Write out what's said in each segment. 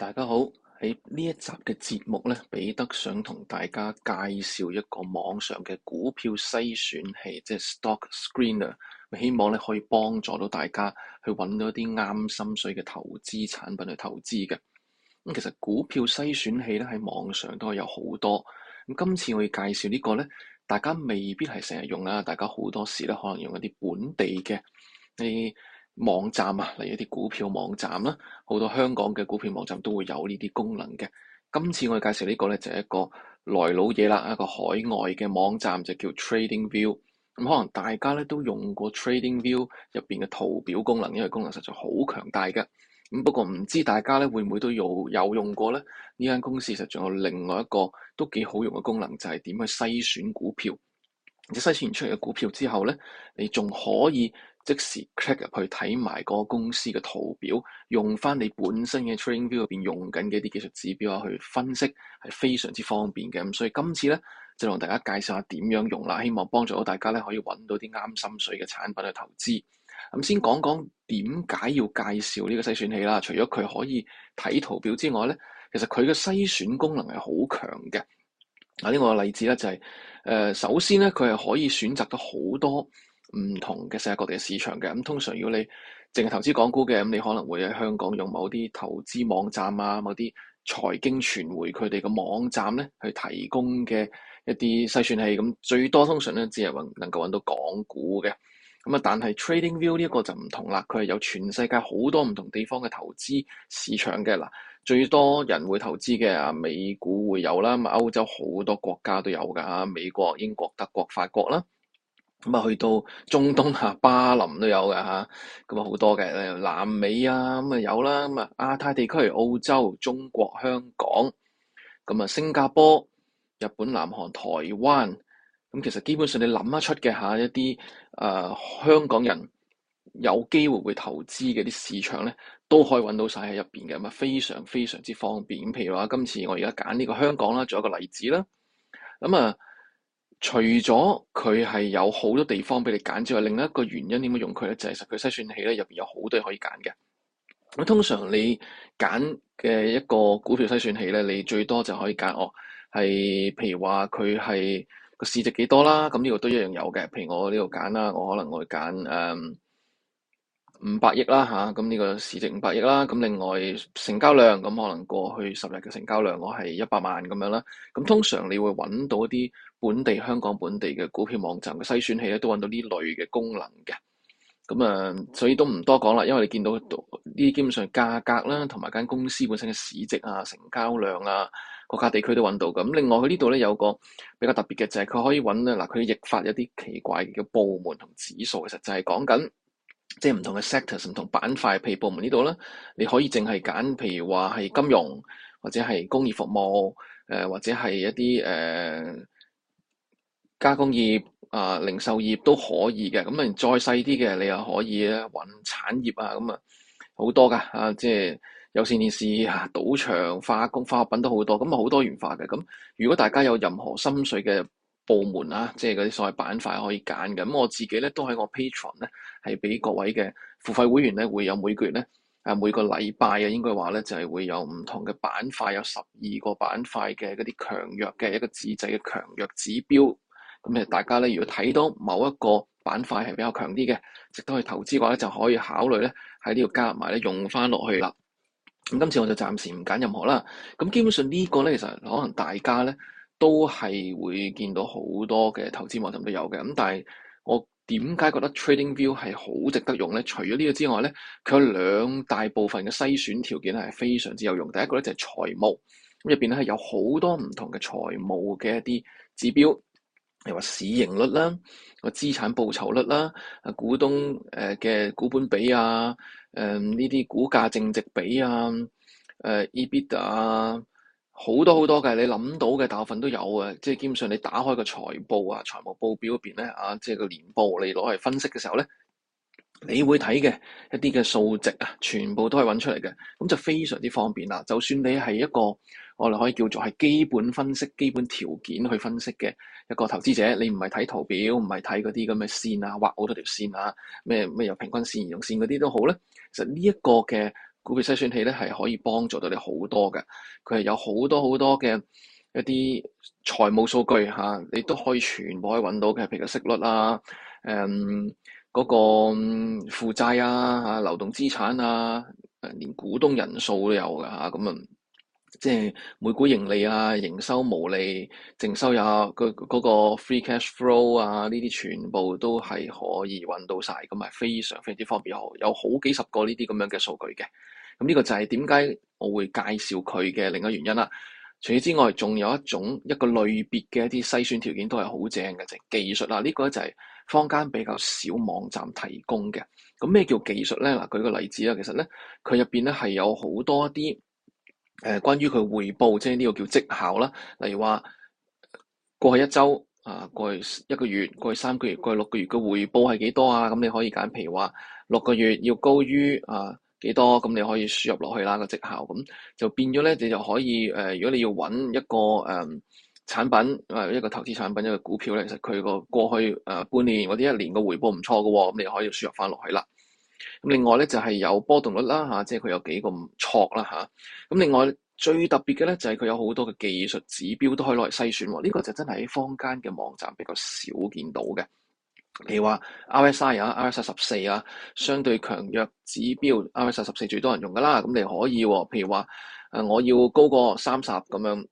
大家好，喺呢一集嘅節目咧，彼得想同大家介紹一個網上嘅股票篩選器，即係 Stock Screener，希望咧可以幫助到大家去揾到一啲啱心水嘅投資產品去投資嘅。咁其實股票篩選器咧喺網上都係有好多，咁今次我要介紹呢個咧，大家未必係成日用啦，大家好多時咧可能用一啲本地嘅，你、欸。網站啊，例如一啲股票網站啦，好多香港嘅股票網站都會有呢啲功能嘅。今次我哋介紹呢個咧就係一個來老嘢啦，一個海外嘅網站就叫 TradingView。咁、嗯、可能大家咧都用過 TradingView 入邊嘅圖表功能，因為功能實在好強大嘅。咁、嗯、不過唔知大家咧會唔會都有有用過咧？呢間公司實在有另外一個都幾好用嘅功能，就係點去篩選股票。而篩選完出嚟嘅股票之後咧，你仲可以，即時 click 入去睇埋個公司嘅圖表，用翻你本身嘅 TradingView 入邊用緊嘅一啲技術指標啊，去分析係非常之方便嘅。咁所以今次咧就同大家介紹下點樣用啦，希望幫助到大家咧可以揾到啲啱心水嘅產品去投資。咁、嗯、先講講點解要介紹呢個篩選器啦。除咗佢可以睇圖表之外咧，其實佢嘅篩選功能係好強嘅。嗱、啊，呢、這個例子咧就係、是，誒、呃、首先咧佢係可以選擇到好多。唔同嘅世界各地嘅市場嘅。咁通常要你淨係投資港股嘅，咁，你可能會喺香港用某啲投資網站啊、某啲財經傳媒佢哋嘅網站咧去提供嘅一啲篩選器，咁最多通常咧只係能夠揾到港股嘅，咁啊，但係 TradingView 呢一個就唔同啦，佢係有全世界好多唔同地方嘅投資市場嘅。嗱，最多人會投資嘅啊，美股會有啦，咁啊歐洲好多國家都有㗎，美國、英國、德國、法國啦。咁啊，去到中東啊，巴林都有嘅嚇，咁啊好多嘅，南美啊，咁啊有啦，咁啊亞、啊、太地區，澳洲、中國、香港，咁啊新加坡、日本、南韓、台灣，咁、啊、其實基本上你諗得出嘅吓一啲，誒、啊、香港人有機會會投資嘅啲市場咧，都可以揾到晒喺入邊嘅，咁啊非常非常之方便。譬如話今次我而家揀呢個香港啦，做一個例子啦，咁啊。啊除咗佢係有好多地方俾你揀之外，另一個原因點樣用佢咧？就係實佢篩選器咧，入邊有好多嘢可以揀嘅。咁通常你揀嘅一個股票篩選器咧，你最多就可以揀哦，係譬如話佢係個市值幾多啦，咁呢個都一樣有嘅。譬如我呢度揀啦，我可能我會揀誒五百億啦吓，咁、啊、呢個市值五百億啦。咁另外成交量，咁可能過去十日嘅成交量我係一百萬咁樣啦。咁通常你會揾到啲。本地香港本地嘅股票網站嘅篩選器咧，都揾到呢類嘅功能嘅。咁啊、呃，所以都唔多講啦，因為你見到呢基本上價格啦，同埋間公司本身嘅市值啊、成交量啊、國家地區都揾到嘅。咁另外佢呢度咧有個比較特別嘅就係、是、佢可以揾咧嗱，佢譯法一啲奇怪嘅部門同指數，其實就係講緊即係唔同嘅 sectors 唔同板塊，譬如部門呢度啦，你可以淨係揀，譬如話係金融或者係工業服務，誒、呃、或者係一啲誒。呃加工業啊、呃，零售業都可以嘅。咁、嗯、啊，再細啲嘅你又可以咧揾產業啊，咁啊好多噶啊，即係有線電視啊、賭場、化工、化學品都好多。咁、嗯、啊，好、嗯、多元化嘅。咁、嗯、如果大家有任何心水嘅部門啊，即係嗰啲所謂板塊可以揀嘅。咁、嗯、我自己咧都喺我 Patreon 咧係俾各位嘅付費會員咧會有每個月咧啊每個禮拜啊應該話咧就係、是、會有唔同嘅板塊，有十二個板塊嘅嗰啲強弱嘅一個指仔嘅強弱指標。咁誒，大家咧，如果睇到某一個板塊係比較強啲嘅，值得去投資嘅話咧，就可以考慮咧喺呢度加入埋咧，用翻落去啦。咁今次我就暫時唔揀任何啦。咁基本上個呢個咧，其實可能大家咧都係會見到好多嘅投資網站都有嘅。咁但係我點解覺得 TradingView 係好值得用咧？除咗呢個之外咧，佢有兩大部分嘅篩選條件係非常之有用。第一個咧就係財務，咁入邊咧係有好多唔同嘅財務嘅一啲指標。譬如話市盈率啦，個資產報酬率啦，啊，股東誒嘅股本比啊，誒呢啲股價淨值比啊，誒 EBITDA 啊，好多好多嘅，你諗到嘅大部分都有嘅，即係基本上你打開個財報啊，財務報表入邊咧啊，即係個年報你攞嚟分析嘅時候咧，你會睇嘅一啲嘅數值啊，全部都係揾出嚟嘅，咁就非常之方便啦。就算你係一個我哋可以叫做係基本分析、基本條件去分析嘅一個投資者，你唔係睇圖表，唔係睇嗰啲咁嘅線啊，畫好多條線啊，咩咩有平均線、移動線嗰啲都好咧。其實呢一個嘅股票篩選器咧，係可以幫助到你好多嘅。佢係有好多好多嘅一啲財務數據嚇、啊，你都可以全部可以揾到嘅，譬如息率啊、誒、嗯、嗰、嗰個負債、嗯、啊、嚇、啊、流動資產啊，連股東人數都有嘅嚇，咁啊～即係每股盈利啊、營收毛利、淨收入啊、嗰個 free cash flow 啊，呢啲全部都係可以揾到晒。咁係非常非常之方便。好，有好幾十個呢啲咁樣嘅數據嘅。咁呢個就係點解我會介紹佢嘅另一個原因啦。除此之外，仲有一種一個類別嘅一啲篩選條件都係好正嘅，就係技術啦。呢個就係坊間比較少網站提供嘅。咁咩叫技術咧？嗱，舉個例子啊，其實咧佢入邊咧係有好多一啲。誒，關於佢回報，即係呢個叫績效啦。例如話，過去一周、啊，過去一個月、過去三個月、過去六個月嘅回報係幾多啊？咁你可以揀，譬如話六個月要高於啊幾多，咁你可以輸入落去啦、嗰個績效。咁就變咗咧，你就可以誒、呃，如果你要揾一個誒、呃、產品，誒、呃、一個投資產品一個股票咧，其實佢個過去誒、呃、半年或者一年嘅回報唔錯嘅喎，咁你可以輸入翻落去啦。咁另外咧就係、是、有波動率啦吓、啊，即係佢有幾個唔錯啦吓。咁、啊、另外最特別嘅咧就係、是、佢有好多嘅技術指標都可以攞嚟篩選，呢、啊這個就真係喺坊間嘅網站比較少見到嘅。譬如話 RSI 啊，RSI 十四啊，相對強弱指標 RSI 十四最多人用噶啦，咁、啊、你可以喎、啊。譬如話，誒、呃，我要高過三十咁樣，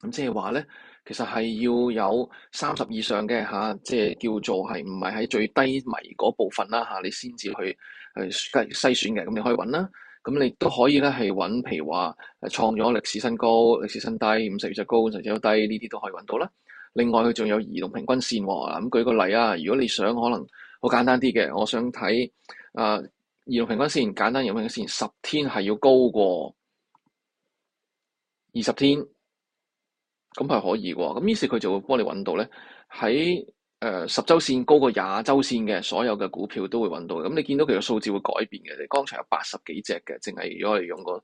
咁即係話咧，其實係要有三十以上嘅嚇，即、啊、係、就是、叫做係唔係喺最低迷嗰部分啦嚇、啊，你先至去去篩、啊、篩選嘅。咁你可以揾啦，咁、啊、你都可以咧係揾，譬如話創咗歷史新高、歷史新低、五十日之高、五十日之低，呢啲都可以揾到啦。另外佢仲有移動平均線喎，咁、啊、舉個例啊，如果你想可能好簡單啲嘅，我想睇啊移動平均線，簡單移動平均線十天係要高過二十天。咁係可以喎，咁於是佢就會幫你揾到咧，喺誒、呃、十周線高過廿週線嘅所有嘅股票都會揾到。咁你見到佢個數字會改變嘅，你、就是、剛才有八十幾隻嘅，淨係如果係用個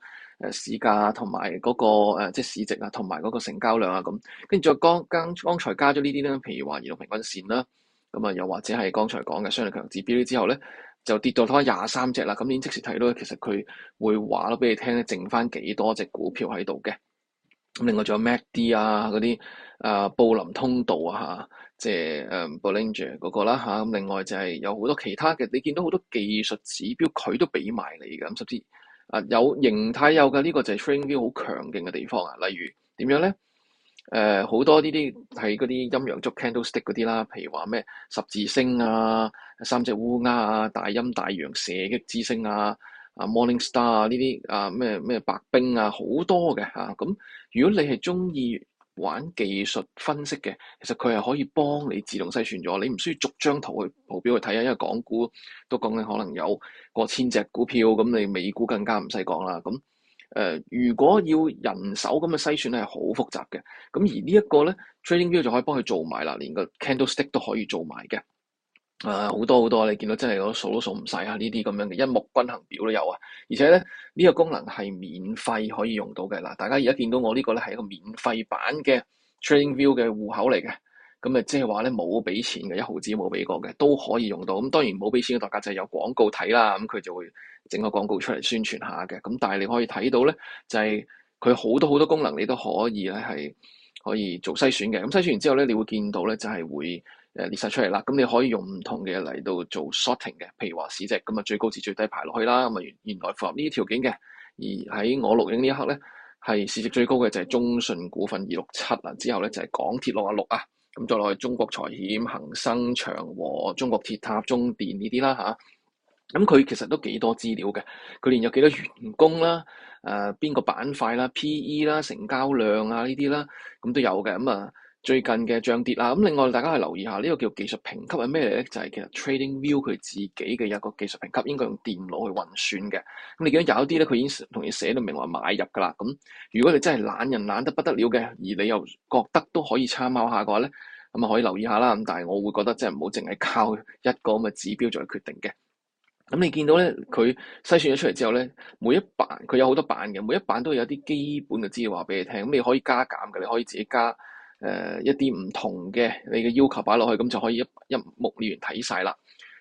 誒市價同埋嗰個、呃、即係市值啊，同埋嗰個成交量啊咁，跟住再剛剛剛才加咗呢啲咧，譬如話移動平均線啦，咁啊又或者係剛才講嘅商力強指標之後咧，就跌到返廿三隻啦。咁你即時睇到其實佢會話咗俾你聽咧，剩翻幾多隻股票喺度嘅。咁另外仲有 MACD 啊，嗰啲啊布林通道啊嚇，即係誒布林柱嗰個啦嚇。咁、啊、另外就係有好多其他嘅，你見到好多技術指標佢都俾埋你嘅。咁甚至啊有形態有嘅呢、呢個就係 TradingView 好強勁嘅地方啊。例如點樣咧？誒、呃、好多呢啲係嗰啲陰陽燭 candlestick 嗰啲啦，譬如話咩十字星啊、三隻烏鴉啊、大陰大陽射擊之星啊。啊，Morningstar 啊，呢啲啊咩咩白兵啊，好多嘅吓。咁、啊、如果你係中意玩技術分析嘅，其實佢係可以幫你自動篩選咗，你唔需要逐張圖去圖表去睇啊。因為港股都講緊可能有過千隻股票，咁你美股更加唔使講啦。咁誒、呃，如果要人手咁嘅篩選咧，係好複雜嘅。咁、啊、而呢一個咧，TradingView 就可以幫佢做埋啦，連個 Candlestick 都可以做埋嘅。啊，好、uh, 多好多，你見到真係我數都數唔晒啊！呢啲咁樣嘅一目均衡表都有啊，而且咧呢、這個功能係免費可以用到嘅嗱。大家而家見到我呢個咧係一個免費版嘅 TradingView 嘅戶口嚟嘅，咁啊即係話咧冇俾錢嘅一毫子冇俾過嘅，都可以用到。咁當然冇俾錢嘅代價就係有廣告睇啦，咁佢就會整個廣告出嚟宣傳下嘅。咁但係你可以睇到咧，就係佢好多好多功能你都可以咧係可以做篩選嘅。咁篩選完之後咧，你會見到咧就係會。誒列晒出嚟啦，咁你可以用唔同嘅嚟到做 sorting 嘅，譬如話市值，咁啊最高至最低排落去啦，咁啊原來符合呢啲條件嘅，而喺我錄影呢一刻咧，係市值最高嘅就係中信股份二六七啊，之後咧就係港鐵六啊六啊，咁再落去中國財險、恒生、長和、中國鐵塔、中電呢啲啦吓，咁、啊、佢其實都幾多資料嘅，佢連有幾多員工啦，誒、呃、邊個板塊啦、PE 啦、成交量啊呢啲啦，咁都有嘅，咁、嗯、啊。最近嘅漲跌啦，咁另外大家去留意下呢個叫技術評級係咩嚟咧？就係其實 TradingView 佢自己嘅一個技術評級，應該用電腦去運算嘅。咁你見到有一啲咧，佢已經同你寫到明話買入噶啦。咁如果你真係懶人懶得不得了嘅，而你又覺得都可以參考下嘅話咧，咁啊可以留意下啦。咁但係我會覺得即係唔好淨係靠一個咁嘅指標做決定嘅。咁你見到咧，佢篩選咗出嚟之後咧，每一版佢有好多版嘅，每一版都有啲基本嘅資料話俾你聽，咁你可以加減嘅，你可以自己加。誒、呃、一啲唔同嘅你嘅要求擺落去，咁就可以一一目了然睇晒啦。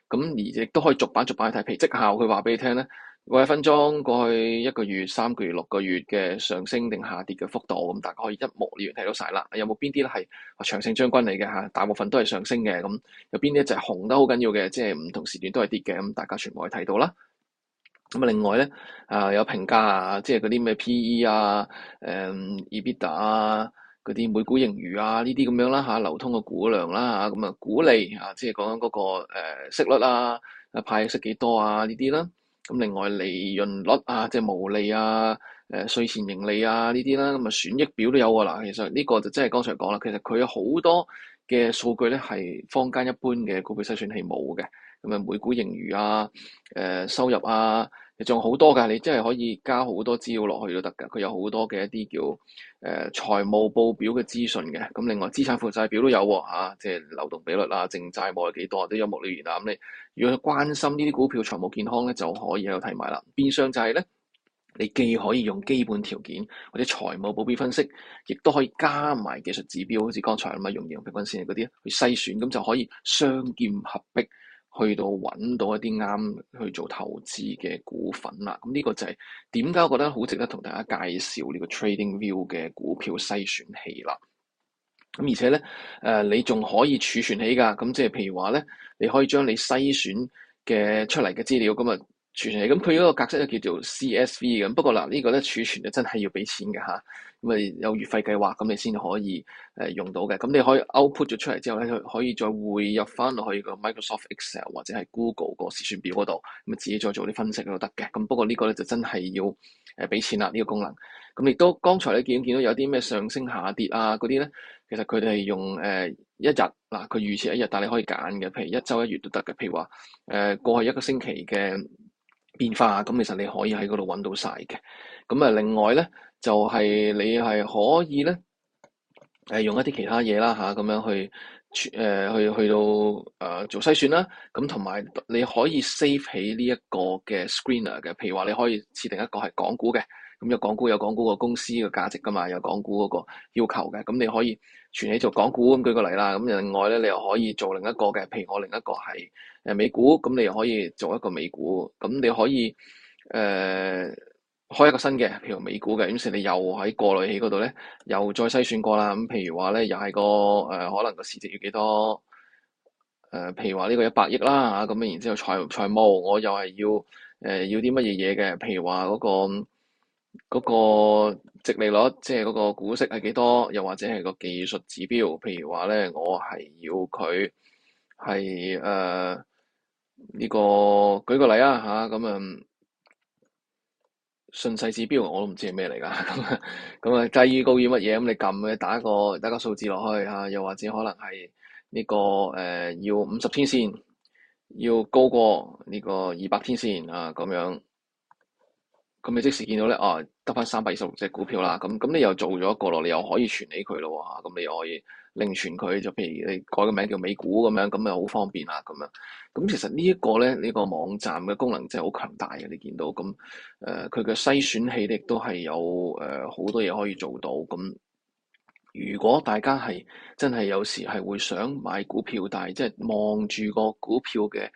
咁而亦都可以逐版逐版去睇，譬如績效，佢話俾你聽咧，過一分鐘過去一個月、三個月、六個月嘅上升定下跌嘅幅度，咁大家可以一目了然睇到晒啦。有冇邊啲咧係長勝將軍嚟嘅嚇？大部分都係上升嘅。咁有邊啲就係紅得好緊要嘅，即係唔同時段都係跌嘅。咁大家全部可以睇到啦。咁啊，另外咧啊、呃，有評價啊，即係嗰啲咩 PE 啊，誒 EBITDA 啊。嗰啲每股盈餘啊，呢啲咁樣啦嚇、啊，流通嘅股量啦嚇，咁啊股利啊，即係講緊嗰個、呃、息率啊，派息幾多啊呢啲啦，咁、啊、另外利潤率啊，即、啊、係、就是、毛利啊，誒、呃、稅前盈利啊呢啲啦，咁啊損益表都有喎嗱，其實呢個就真係剛才講啦，其實佢有好多嘅數據咧係坊間一般嘅股票篩選器冇嘅，咁、嗯、啊每股盈餘啊，誒、呃、收入啊。你仲好多噶，你真係可以加好多資料落去都得噶。佢有好多嘅一啲叫誒、呃、財務報表嘅資訊嘅。咁另外資產負債表都有喎、啊啊，即係流動比率啊、淨債務係幾多、啊、都有一目了然啊。咁你如果關心呢啲股票財務健康咧，就可以去睇埋啦。變相就係咧，你既可以用基本條件或者財務報表分析，亦都可以加埋技術指標，好似剛才咁啊，用移動平均線嗰啲去篩選，咁就可以雙劍合璧。去到揾到一啲啱去做投資嘅股份啦，咁呢個就係點解我覺得好值得同大家介紹呢個 TradingView 嘅股票篩選器啦。咁而且咧，誒、呃、你仲可以儲存起㗎，咁即係譬如話咧，你可以將你篩選嘅出嚟嘅資料咁啊。儲存起咁佢嗰個格式咧叫做 CSV 咁，不過嗱，呢個、呢個咧儲存咧真係要俾錢嘅吓。咁咪有月費計劃咁你先可以誒、呃、用到嘅。咁你可以 output 咗出嚟之後咧，可以再匯入翻落去個 Microsoft Excel 或者係 Google 個試算表嗰度，咁咪自己再做啲分析都得嘅。咁不過個呢個咧就真係要誒俾錢啦呢、呢個功能。咁亦都剛才咧見見到有啲咩上升下跌啊嗰啲咧，其實佢哋係用誒、呃、一日嗱佢、呃、預設一日，但係你可以揀嘅，譬如一周一月都得嘅，譬如話誒、呃、過去一個星期嘅。變化啊，咁，其實你可以喺嗰度揾到晒嘅。咁啊，另外咧就係、是、你係可以咧，誒用一啲其他嘢啦吓，咁、啊、樣去誒、呃、去去到誒、呃、做篩選啦。咁同埋你可以 save 起呢一個嘅 screener 嘅，譬如話你可以設定一個係港股嘅。咁、嗯、有港股有港股個公司嘅價值㗎嘛？有港股嗰個要求嘅，咁、嗯、你可以存起做港股咁舉個例啦。咁、嗯、另外咧，你又可以做另一個嘅，譬如我另一個係誒美股，咁、嗯、你又可以做一個美股。咁、嗯、你可以誒、呃、開一個新嘅，譬如美股嘅，咁你又喺過濾器嗰度咧，又再篩選過啦。咁譬如話咧，又係個誒可能個市值要幾多？誒，譬如話呢個一百億啦嚇，咁啊然之後財財務我又係要誒要啲乜嘢嘢嘅，譬如話嗰個，啊嗯呃那個。嗰個殖利率即係嗰個股息係幾多？又或者係個技術指標？譬如話咧，我係要佢係誒呢個舉個例啊吓，咁啊、嗯、順勢指標，我都唔知係咩嚟㗎，咁啊咁啊低於高於乜嘢？咁 你撳嘅打一個打一個數字落去吓、啊，又或者可能係呢、呢個誒、呃、要五十天線要高過呢個二百天線啊咁樣。咁你即時見到咧，哦、啊，得翻三百二十六隻股票啦，咁咁你又做咗一個咯，你又可以存起佢咯喎，咁你又可以另存佢，就譬如你改個名叫美股咁樣，咁啊好方便啦，咁樣。咁其實呢一個咧，呢、這個網站嘅功能真係好強大嘅，你見到咁，誒佢嘅篩選器亦都係有誒好、呃、多嘢可以做到。咁如果大家係真係有時係會想買股票，但係即係望住個股票嘅。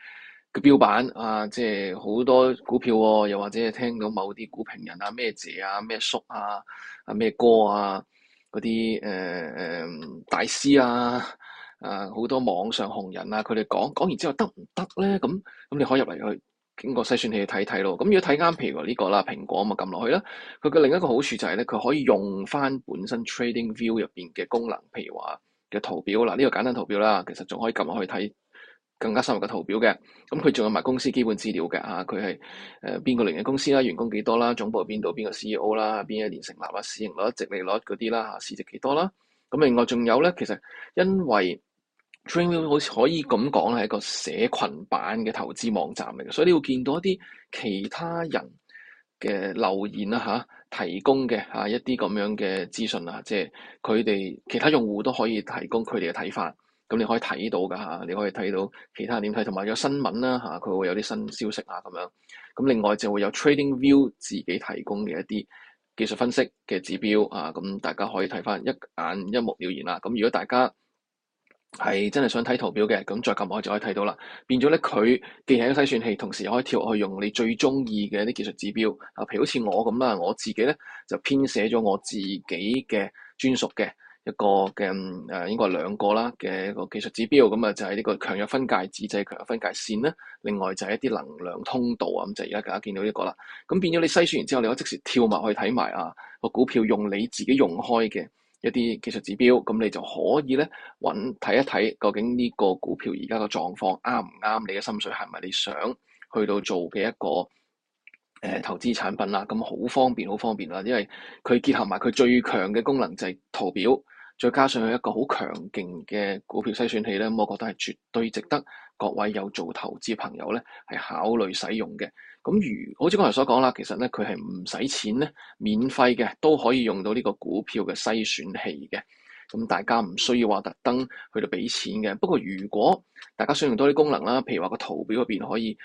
個標版啊，即係好多股票喎、哦，又或者係聽到某啲股評人啊，咩姐啊，咩叔啊，啊咩哥啊，嗰啲誒誒大師啊，啊好多網上紅人啊，佢哋講講完之後得唔得咧？咁咁你可以入嚟去經過篩選器睇睇咯。咁如果睇啱，譬如話、這、呢個啦，蘋果啊嘛，撳落去啦。佢嘅另一個好處就係、是、咧，佢可以用翻本身 TradingView 入邊嘅功能，譬如話嘅圖表啦，呢、啊這個簡單圖表啦，其實仲可以撳落去睇。更加深入嘅圖表嘅，咁佢仲有埋公司基本資料嘅嚇，佢係誒邊個類型公司啦，員工幾多啦，總部喺邊度，邊個 CEO 啦，邊一年成立啦，市盈率、直利率嗰啲啦嚇，市值幾多啦，咁、啊、另外仲有咧，其實因為 TradingView 好似可以咁講係一個社群版嘅投資網站嚟嘅，所以你會見到一啲其他人嘅留言啦、啊、嚇、啊，提供嘅嚇、啊、一啲咁樣嘅資訊啦、啊，即係佢哋其他用戶都可以提供佢哋嘅睇法。咁你可以睇到噶嚇，你可以睇到其他人點睇，同埋有，有新聞啦嚇，佢、啊、會有啲新消息啊咁樣。咁另外就會有 Trading View 自己提供嘅一啲技術分析嘅指標啊，咁大家可以睇翻一眼一目了然啦。咁、啊、如果大家係真係想睇圖表嘅，咁再撳開就可以睇到啦。變咗咧，佢既係一個篩選器，同時可以跳去用你最中意嘅一啲技術指標啊，譬如好似我咁啦，我自己咧就編寫咗我自己嘅專屬嘅。一個嘅誒應該係兩個啦嘅一個技術指標，咁啊就係呢個強弱分界指、就係強弱分界線啦。另外就係一啲能量通道啊，咁就而家大家見到呢個啦。咁變咗你篩選完之後，你可以即時跳埋去睇埋啊個股票，用你自己用開嘅一啲技術指標，咁你就可以咧揾睇一睇究竟呢個股票而家嘅狀況啱唔啱你嘅心水，係咪你想去到做嘅一個誒、呃、投資產品啦？咁好方便，好方便啦，因為佢結合埋佢最強嘅功能就係圖表。再加上佢一個好強勁嘅股票篩選器呢，我覺得係絕對值得各位有做投資朋友呢係考慮使用嘅。咁如好似剛才所講啦，其實呢，佢係唔使錢呢，免費嘅都可以用到呢個股票嘅篩選器嘅。咁大家唔需要話特登去到俾錢嘅。不過如果大家想用多啲功能啦，譬如話個圖表嗰邊可以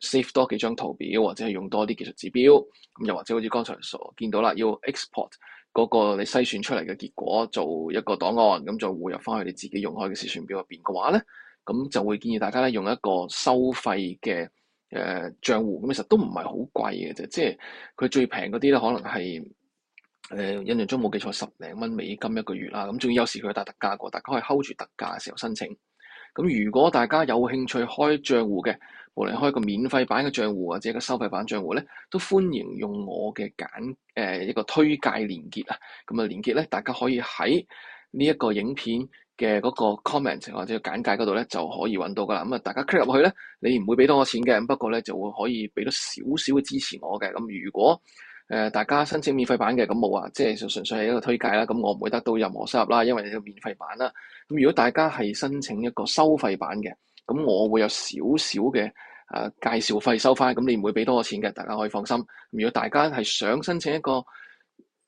誒 save 多幾張圖表，或者係用多啲技術指標，咁又或者好似剛才所見到啦，要 export 嗰個你篩選出嚟嘅結果做一個檔案，咁就匯入翻去你自己用開嘅試算表入邊嘅話咧，咁就會建議大家咧用一個收費嘅誒賬戶，咁其實都唔係好貴嘅啫，即係佢最平嗰啲咧可能係。誒、嗯、印象中冇記錯，十零蚊美金一個月啦。咁仲要有時佢有打特價過，大家可以 hold 住特價嘅時候申請。咁、嗯、如果大家有興趣開帳戶嘅，無論開個免費版嘅帳戶或者個收費版帳戶咧，都歡迎用我嘅簡誒、呃、一個推介連結啊。咁啊連結咧，大家可以喺呢一個影片嘅嗰個 comment 或者簡介嗰度咧就可以揾到噶啦。咁、嗯、啊大家 click 入去咧，你唔會俾多我錢嘅，不過咧就會可以俾多少少嘅支持我嘅。咁、嗯、如果誒、呃，大家申請免費版嘅咁冇啊，即係純粹係一個推介啦。咁我唔會得到任何收入啦，因為你個免費版啦。咁如果大家係申請一個收費版嘅，咁我會有少少嘅誒、呃、介紹費收翻。咁你唔會俾多我錢嘅，大家可以放心。如果大家係想申請一個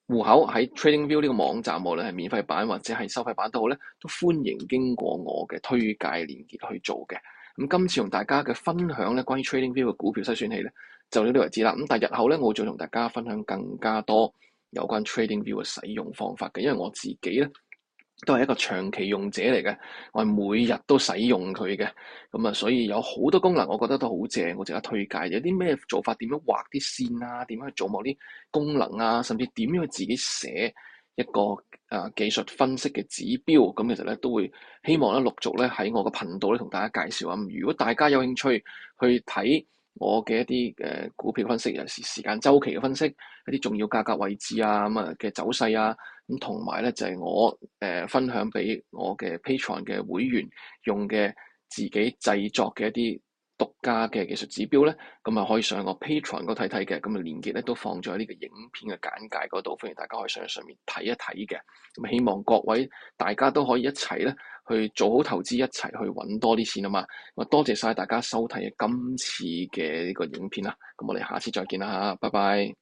戶口喺 TradingView 呢個網站，無論係免費版或者係收費版都好咧，都歡迎經過我嘅推介連結去做嘅。咁今次同大家嘅分享咧，關於 TradingView 嘅股票篩選器咧。就呢啲為止啦，咁但係日後咧，我會再同大家分享更加多有關 TradingView 嘅使用方法嘅，因為我自己咧都係一個長期用者嚟嘅，我係每日都使用佢嘅，咁、嗯、啊，所以有好多功能，我覺得都好正，我值得推介。有啲咩做法，點樣畫啲線啊，點樣去做某啲功能啊，甚至點樣去自己寫一個啊、呃、技術分析嘅指標，咁、嗯、其實咧都會希望咧陸續咧喺我嘅頻道咧同大家介紹啊。如果大家有興趣去睇。我嘅一啲誒、呃、股票分析，有時時間週期嘅分析，一啲重要價格位置啊，咁啊嘅走勢啊，咁同埋咧就係、是、我誒、呃、分享俾我嘅 Patreon 嘅會員用嘅自己製作嘅一啲。獨家嘅技術指標咧，咁啊可以上個 Patreon 嗰睇睇嘅，咁啊連結咧都放咗喺呢個影片嘅簡介嗰度，歡迎大家可以上去上面睇一睇嘅。咁希望各位大家都可以一齊咧去做好投資，一齊去揾多啲錢啊嘛。咁啊多謝晒大家收睇今次嘅呢個影片啦。咁我哋下次再見啦嚇，拜拜。